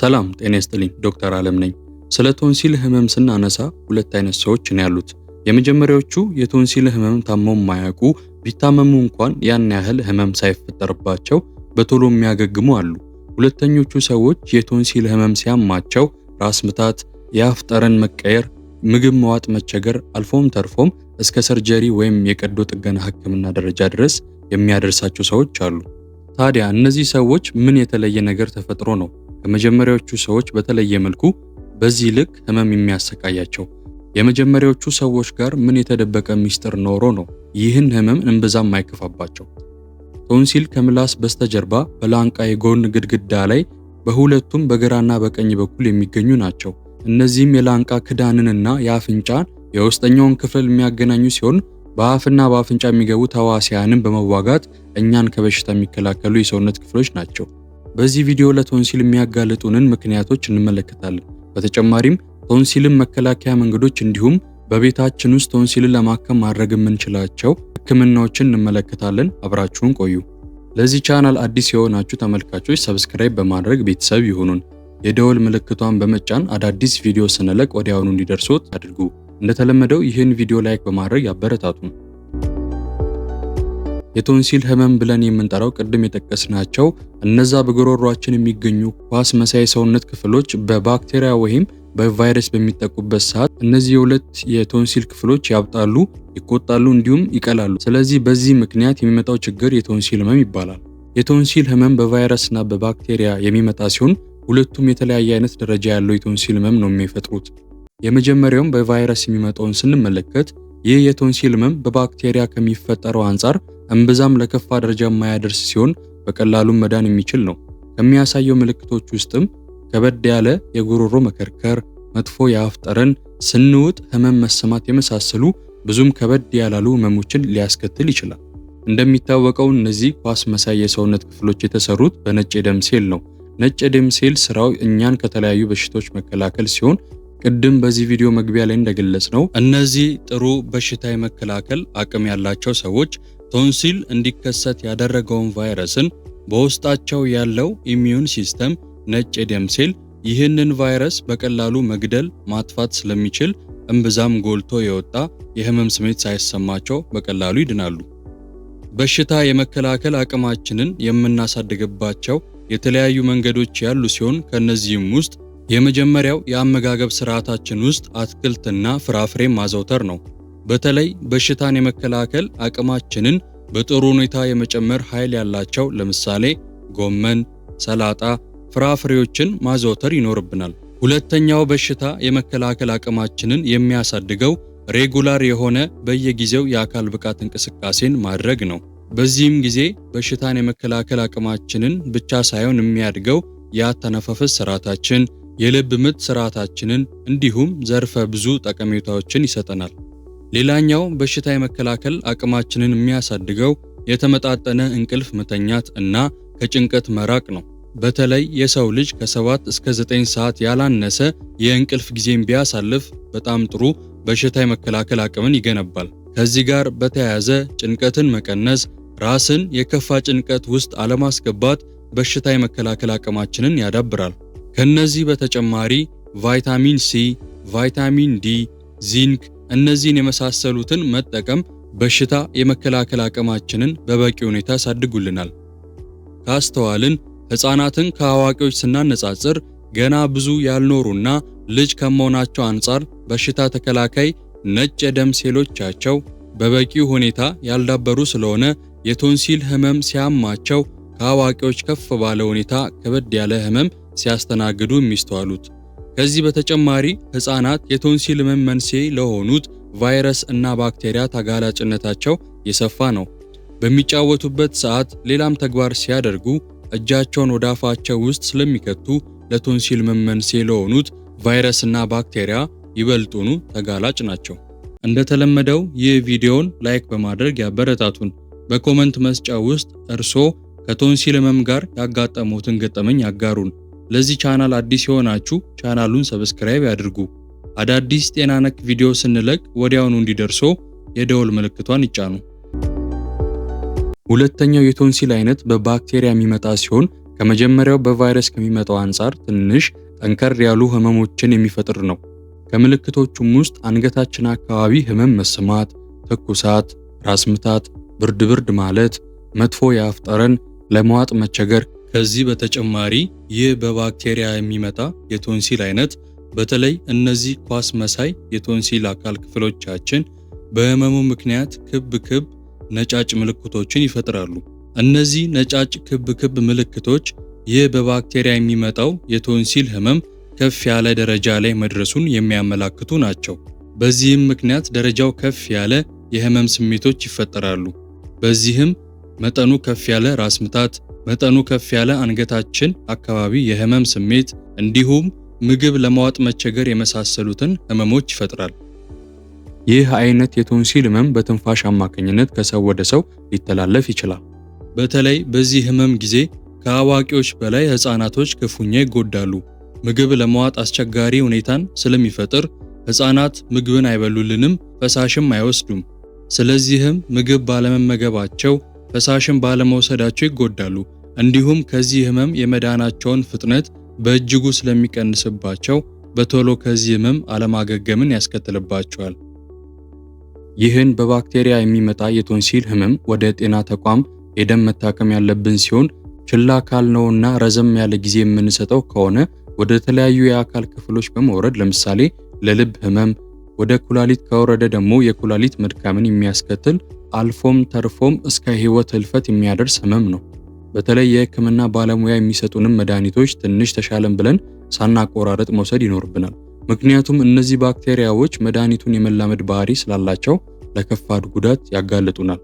ሰላም ጤና ይስጥልኝ። ዶክተር አለም ነኝ። ስለ ቶንሲል ህመም ስናነሳ ሁለት አይነት ሰዎች ነው ያሉት። የመጀመሪያዎቹ የቶንሲል ህመም ታመው የማያውቁ ቢታመሙ እንኳን ያን ያህል ህመም ሳይፈጠርባቸው በቶሎ የሚያገግሙ አሉ። ሁለተኞቹ ሰዎች የቶንሲል ህመም ሲያማቸው ራስ ምታት፣ የአፍ ጠረን መቀየር፣ ምግብ መዋጥ መቸገር አልፎም ተርፎም እስከ ሰርጀሪ ወይም የቀዶ ጥገና ህክምና ደረጃ ድረስ የሚያደርሳቸው ሰዎች አሉ። ታዲያ እነዚህ ሰዎች ምን የተለየ ነገር ተፈጥሮ ነው ከመጀመሪያዎቹ ሰዎች በተለየ መልኩ በዚህ ልክ ህመም የሚያሰቃያቸው። የመጀመሪያዎቹ ሰዎች ጋር ምን የተደበቀ ሚስጥር ኖሮ ነው ይህን ህመም እንብዛም አይከፋባቸው? ቶንሲል ከምላስ በስተጀርባ በላንቃ የጎን ግድግዳ ላይ በሁለቱም በግራና በቀኝ በኩል የሚገኙ ናቸው። እነዚህም የላንቃ ክዳንንና የአፍንጫን የውስጠኛውን ክፍል የሚያገናኙ ሲሆን በአፍና በአፍንጫ የሚገቡ ተዋሲያንን በመዋጋት እኛን ከበሽታ የሚከላከሉ የሰውነት ክፍሎች ናቸው። በዚህ ቪዲዮ ለቶንሲል የሚያጋልጡንን ምክንያቶች እንመለከታለን። በተጨማሪም ቶንሲልን መከላከያ መንገዶች እንዲሁም በቤታችን ውስጥ ቶንሲልን ለማከም ማድረግ የምንችላቸው ሕክምናዎችን እንመለከታለን። አብራችሁን ቆዩ። ለዚህ ቻናል አዲስ የሆናችሁ ተመልካቾች ሰብስክራይብ በማድረግ ቤተሰብ ይሁኑን። የደወል ምልክቷን በመጫን አዳዲስ ቪዲዮ ስንለቅ ወዲያውኑ እንዲደርሶት አድርጉ። እንደተለመደው ይህን ቪዲዮ ላይክ በማድረግ ያበረታቱን። የቶንሲል ህመም ብለን የምንጠራው ቅድም የጠቀስናቸው እነዛ በጉሮሯችን የሚገኙ ኳስ መሳይ ሰውነት ክፍሎች በባክቴሪያ ወይም በቫይረስ በሚጠቁበት ሰዓት እነዚህ የሁለት የቶንሲል ክፍሎች ያብጣሉ፣ ይቆጣሉ፣ እንዲሁም ይቀላሉ። ስለዚህ በዚህ ምክንያት የሚመጣው ችግር የቶንሲል ህመም ይባላል። የቶንሲል ህመም በቫይረስና በባክቴሪያ የሚመጣ ሲሆን ሁለቱም የተለያየ አይነት ደረጃ ያለው የቶንሲል ህመም ነው የሚፈጥሩት። የመጀመሪያውም በቫይረስ የሚመጣውን ስንመለከት ይህ የቶንሲል ህመም በባክቴሪያ ከሚፈጠረው አንጻር እምብዛም ለከፋ ደረጃ የማያደርስ ሲሆን በቀላሉም መዳን የሚችል ነው። ከሚያሳየው ምልክቶች ውስጥም ከበድ ያለ የጉሮሮ መከርከር፣ መጥፎ የአፍ ጠረን፣ ስንውጥ ህመም መሰማት የመሳሰሉ ብዙም ከበድ ያላሉ ህመሞችን ሊያስከትል ይችላል። እንደሚታወቀው እነዚህ ኳስ መሳይ የሰውነት ክፍሎች የተሰሩት በነጭ የደም ሴል ነው። ነጭ የደም ሴል ስራው እኛን ከተለያዩ በሽታዎች መከላከል ሲሆን ቅድም በዚህ ቪዲዮ መግቢያ ላይ እንደገለጽ ነው እነዚህ ጥሩ በሽታ የመከላከል አቅም ያላቸው ሰዎች ቶንሲል እንዲከሰት ያደረገውን ቫይረስን በውስጣቸው ያለው ኢሚዩን ሲስተም ነጭ የደም ሴል ይህንን ቫይረስ በቀላሉ መግደል ማጥፋት ስለሚችል እምብዛም ጎልቶ የወጣ የህመም ስሜት ሳይሰማቸው በቀላሉ ይድናሉ። በሽታ የመከላከል አቅማችንን የምናሳድግባቸው የተለያዩ መንገዶች ያሉ ሲሆን ከእነዚህም ውስጥ የመጀመሪያው የአመጋገብ ስርዓታችን ውስጥ አትክልትና ፍራፍሬ ማዘውተር ነው። በተለይ በሽታን የመከላከል አቅማችንን በጥሩ ሁኔታ የመጨመር ኃይል ያላቸው ለምሳሌ ጎመን፣ ሰላጣ፣ ፍራፍሬዎችን ማዘውተር ይኖርብናል። ሁለተኛው በሽታ የመከላከል አቅማችንን የሚያሳድገው ሬጉላር የሆነ በየጊዜው የአካል ብቃት እንቅስቃሴን ማድረግ ነው። በዚህም ጊዜ በሽታን የመከላከል አቅማችንን ብቻ ሳይሆን የሚያድገው የአተነፋፈስ ስርዓታችን፣ የልብ ምት ስርዓታችንን እንዲሁም ዘርፈ ብዙ ጠቀሜታዎችን ይሰጠናል። ሌላኛው በሽታ የመከላከል አቅማችንን የሚያሳድገው የተመጣጠነ እንቅልፍ መተኛት እና ከጭንቀት መራቅ ነው። በተለይ የሰው ልጅ ከ7 እስከ 9 ሰዓት ያላነሰ የእንቅልፍ ጊዜን ቢያሳልፍ በጣም ጥሩ በሽታ የመከላከል አቅምን ይገነባል። ከዚህ ጋር በተያያዘ ጭንቀትን መቀነስ፣ ራስን የከፋ ጭንቀት ውስጥ አለማስገባት በሽታ የመከላከል አቅማችንን ያዳብራል። ከነዚህ በተጨማሪ ቫይታሚን ሲ፣ ቫይታሚን ዲ፣ ዚንክ እነዚህን የመሳሰሉትን መጠቀም በሽታ የመከላከል አቅማችንን በበቂ ሁኔታ ያሳድጉልናል። ካስተዋልን ሕፃናትን ከአዋቂዎች ስናነጻጽር ገና ብዙ ያልኖሩና ልጅ ከመሆናቸው አንጻር በሽታ ተከላካይ ነጭ የደም ሴሎቻቸው በበቂ ሁኔታ ያልዳበሩ ስለሆነ የቶንሲል ህመም ሲያማቸው ከአዋቂዎች ከፍ ባለ ሁኔታ ከበድ ያለ ህመም ሲያስተናግዱ የሚስተዋሉት ከዚህ በተጨማሪ ሕፃናት የቶንሲል ህመም መንስኤ ለሆኑት ቫይረስ እና ባክቴሪያ ተጋላጭነታቸው የሰፋ ነው። በሚጫወቱበት ሰዓት ሌላም ተግባር ሲያደርጉ እጃቸውን ወደ አፋቸው ውስጥ ስለሚከቱ ለቶንሲል ህመም መንስኤ ለሆኑት እና ባክቴሪያ ይበልጡኑ ተጋላጭ ናቸው። እንደተለመደው ይህ ቪዲዮን ላይክ በማድረግ ያበረታቱን። በኮመንት መስጫ ውስጥ እርሶ ከቶንሲል ህመም ጋር ያጋጠሙትን ገጠመኝ ያጋሩን። ለዚህ ቻናል አዲስ የሆናችሁ ቻናሉን ሰብስክራይብ ያድርጉ። አዳዲስ ጤና ነክ ቪዲዮ ስንለቅ ወዲያውኑ እንዲደርሶ የደወል ምልክቷን ይጫኑ። ሁለተኛው የቶንሲል አይነት በባክቴሪያ የሚመጣ ሲሆን ከመጀመሪያው በቫይረስ ከሚመጣው አንጻር ትንሽ ጠንከር ያሉ ህመሞችን የሚፈጥር ነው። ከምልክቶቹም ውስጥ አንገታችን አካባቢ ህመም መሰማት፣ ትኩሳት፣ ራስ ምታት፣ ብርድ ብርድ ማለት፣ መጥፎ የአፍ ጠረን፣ ለመዋጥ መቸገር ከዚህ በተጨማሪ ይህ በባክቴሪያ የሚመጣ የቶንሲል አይነት በተለይ እነዚህ ኳስ መሳይ የቶንሲል አካል ክፍሎቻችን በህመሙ ምክንያት ክብ ክብ ነጫጭ ምልክቶችን ይፈጥራሉ። እነዚህ ነጫጭ ክብ ክብ ምልክቶች ይህ በባክቴሪያ የሚመጣው የቶንሲል ህመም ከፍ ያለ ደረጃ ላይ መድረሱን የሚያመላክቱ ናቸው። በዚህም ምክንያት ደረጃው ከፍ ያለ የህመም ስሜቶች ይፈጠራሉ። በዚህም መጠኑ ከፍ ያለ ራስ ምታት፣ መጠኑ ከፍ ያለ አንገታችን አካባቢ የህመም ስሜት እንዲሁም ምግብ ለማዋጥ መቸገር የመሳሰሉትን ህመሞች ይፈጥራል። ይህ አይነት የቶንሲል ህመም በትንፋሽ አማካኝነት ከሰው ወደ ሰው ሊተላለፍ ይችላል። በተለይ በዚህ ህመም ጊዜ ከአዋቂዎች በላይ ህፃናቶች ክፉኛ ይጎዳሉ። ምግብ ለመዋጥ አስቸጋሪ ሁኔታን ስለሚፈጥር ህፃናት ምግብን አይበሉልንም፣ ፈሳሽም አይወስዱም። ስለዚህም ምግብ ባለመመገባቸው ፈሳሽን ባለመውሰዳቸው ይጎዳሉ። እንዲሁም ከዚህ ህመም የመዳናቸውን ፍጥነት በእጅጉ ስለሚቀንስባቸው በቶሎ ከዚህ ህመም አለማገገምን ያስከትልባቸዋል። ይህን በባክቴሪያ የሚመጣ የቶንሲል ህመም ወደ ጤና ተቋም ሄደን መታከም ያለብን ሲሆን ችላ ካልነውና ረዘም ያለ ጊዜ የምንሰጠው ከሆነ ወደ ተለያዩ የአካል ክፍሎች በመውረድ ለምሳሌ ለልብ ህመም፣ ወደ ኩላሊት ከወረደ ደግሞ የኩላሊት መድካምን የሚያስከትል አልፎም ተርፎም እስከ ህይወት ህልፈት የሚያደርስ ህመም ነው። በተለይ የህክምና ባለሙያ የሚሰጡንም መድኃኒቶች ትንሽ ተሻለን ብለን ሳናቆራረጥ መውሰድ ይኖርብናል። ምክንያቱም እነዚህ ባክቴሪያዎች መድኃኒቱን የመላመድ ባህሪ ስላላቸው ለከፋድ ጉዳት ያጋልጡናል።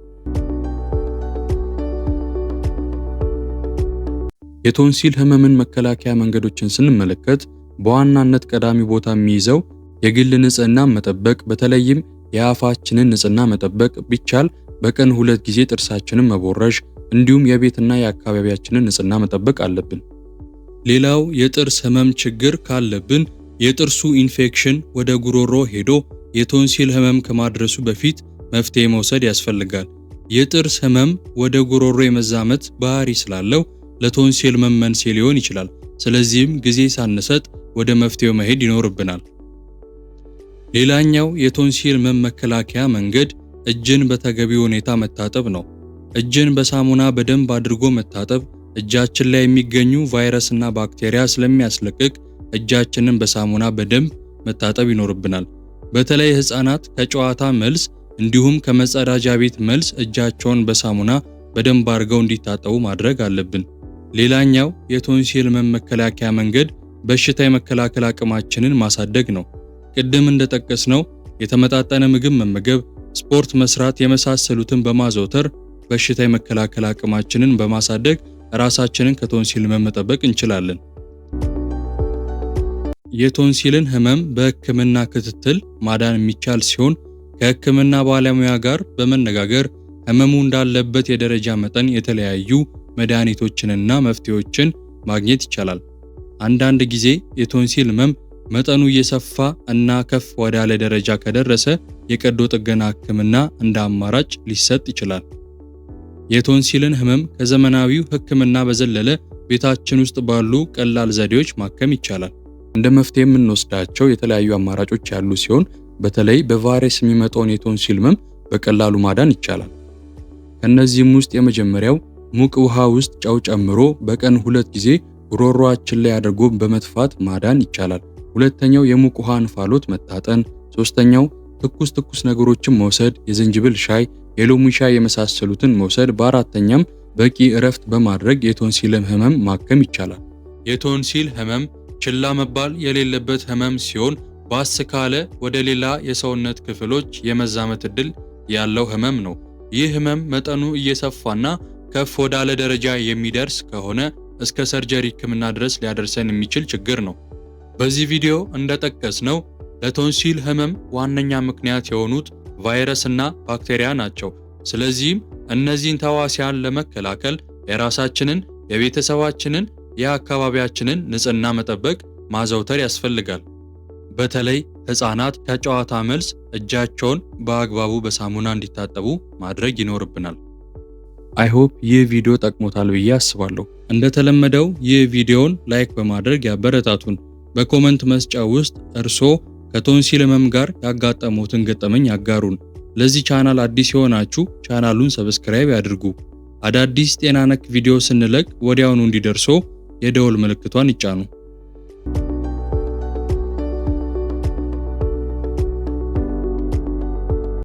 የቶንሲል ህመምን መከላከያ መንገዶችን ስንመለከት በዋናነት ቀዳሚ ቦታ የሚይዘው የግል ንጽህና መጠበቅ፣ በተለይም የአፋችንን ንጽህና መጠበቅ ቢቻል በቀን ሁለት ጊዜ ጥርሳችንን መቦረሽ እንዲሁም የቤትና የአካባቢያችንን ንጽህና መጠበቅ አለብን። ሌላው የጥርስ ህመም ችግር ካለብን የጥርሱ ኢንፌክሽን ወደ ጉሮሮ ሄዶ የቶንሲል ህመም ከማድረሱ በፊት መፍትሄ መውሰድ ያስፈልጋል። የጥርስ ህመም ወደ ጉሮሮ የመዛመት ባህሪ ስላለው ለቶንሲል መመንሴ ሊሆን ይችላል። ስለዚህም ጊዜ ሳንሰጥ ወደ መፍትሄው መሄድ ይኖርብናል። ሌላኛው የቶንሲል ህመም መከላከያ መንገድ እጅን በተገቢ ሁኔታ መታጠብ ነው። እጅን በሳሙና በደንብ አድርጎ መታጠብ እጃችን ላይ የሚገኙ ቫይረስና ባክቴሪያ ስለሚያስለቅቅ እጃችንን በሳሙና በደንብ መታጠብ ይኖርብናል። በተለይ ሕፃናት ከጨዋታ መልስ እንዲሁም ከመጸዳጃ ቤት መልስ እጃቸውን በሳሙና በደንብ አድርገው እንዲታጠቡ ማድረግ አለብን። ሌላኛው የቶንሲል መመከላከያ መንገድ በሽታ የመከላከል አቅማችንን ማሳደግ ነው። ቅድም እንደጠቀስነው የተመጣጠነ ምግብ መመገብ፣ ስፖርት መስራት የመሳሰሉትን በማዘውተር በሽታ የመከላከል አቅማችንን በማሳደግ ራሳችንን ከቶንሲል መመጠበቅ መጠበቅ እንችላለን። የቶንሲልን ህመም በህክምና ክትትል ማዳን የሚቻል ሲሆን ከህክምና ባለሙያ ጋር በመነጋገር ህመሙ እንዳለበት የደረጃ መጠን የተለያዩ መድኃኒቶችንና መፍትሄዎችን ማግኘት ይቻላል። አንዳንድ ጊዜ የቶንሲል ህመም መጠኑ እየሰፋ እና ከፍ ወዳለ ደረጃ ከደረሰ የቀዶ ጥገና ህክምና እንደ አማራጭ ሊሰጥ ይችላል። የቶንሲልን ህመም ከዘመናዊው ህክምና በዘለለ ቤታችን ውስጥ ባሉ ቀላል ዘዴዎች ማከም ይቻላል። እንደ መፍትሄ የምንወስዳቸው የተለያዩ አማራጮች ያሉ ሲሆን በተለይ በቫይረስ የሚመጣውን የቶንሲል ህመም በቀላሉ ማዳን ይቻላል። ከእነዚህም ውስጥ የመጀመሪያው ሙቅ ውሃ ውስጥ ጨው ጨምሮ በቀን ሁለት ጊዜ ጉሮሯችን ላይ አድርጎ በመትፋት ማዳን ይቻላል። ሁለተኛው የሙቅ ውሃ እንፋሎት መታጠን። ሶስተኛው ትኩስ ትኩስ ነገሮችን መውሰድ፣ የዝንጅብል ሻይ፣ የሎሚሻ የመሳሰሉትን መውሰድ፣ በአራተኛም በቂ እረፍት በማድረግ የቶንሲልም ህመም ማከም ይቻላል። የቶንሲል ህመም ችላ መባል የሌለበት ህመም ሲሆን ባስ ካለ ወደ ሌላ የሰውነት ክፍሎች የመዛመት ዕድል ያለው ህመም ነው። ይህ ህመም መጠኑ እየሰፋና ከፍ ወዳለ ደረጃ የሚደርስ ከሆነ እስከ ሰርጀሪ ህክምና ድረስ ሊያደርሰን የሚችል ችግር ነው። በዚህ ቪዲዮ እንደጠቀስ ነው ለቶንሲል ህመም ዋነኛ ምክንያት የሆኑት ቫይረስና ባክቴሪያ ናቸው። ስለዚህም እነዚህን ተዋሲያን ለመከላከል የራሳችንን፣ የቤተሰባችንን፣ የአካባቢያችንን ንጽህና መጠበቅ ማዘውተር ያስፈልጋል። በተለይ ህፃናት ከጨዋታ መልስ እጃቸውን በአግባቡ በሳሙና እንዲታጠቡ ማድረግ ይኖርብናል። አይሆፕ ይህ ቪዲዮ ጠቅሞታል ብዬ አስባለሁ። እንደተለመደው ይህ ቪዲዮን ላይክ በማድረግ ያበረታቱን። በኮመንት መስጫ ውስጥ እርስዎ ከቶንሲል ህመም ጋር ያጋጠሙትን ገጠመኝ ያጋሩን። ለዚህ ቻናል አዲስ የሆናችሁ ቻናሉን ሰብስክራይብ ያድርጉ። አዳዲስ ጤና ነክ ቪዲዮ ስንለቅ ወዲያውኑ እንዲደርሶ የደወል ምልክቷን ይጫኑ።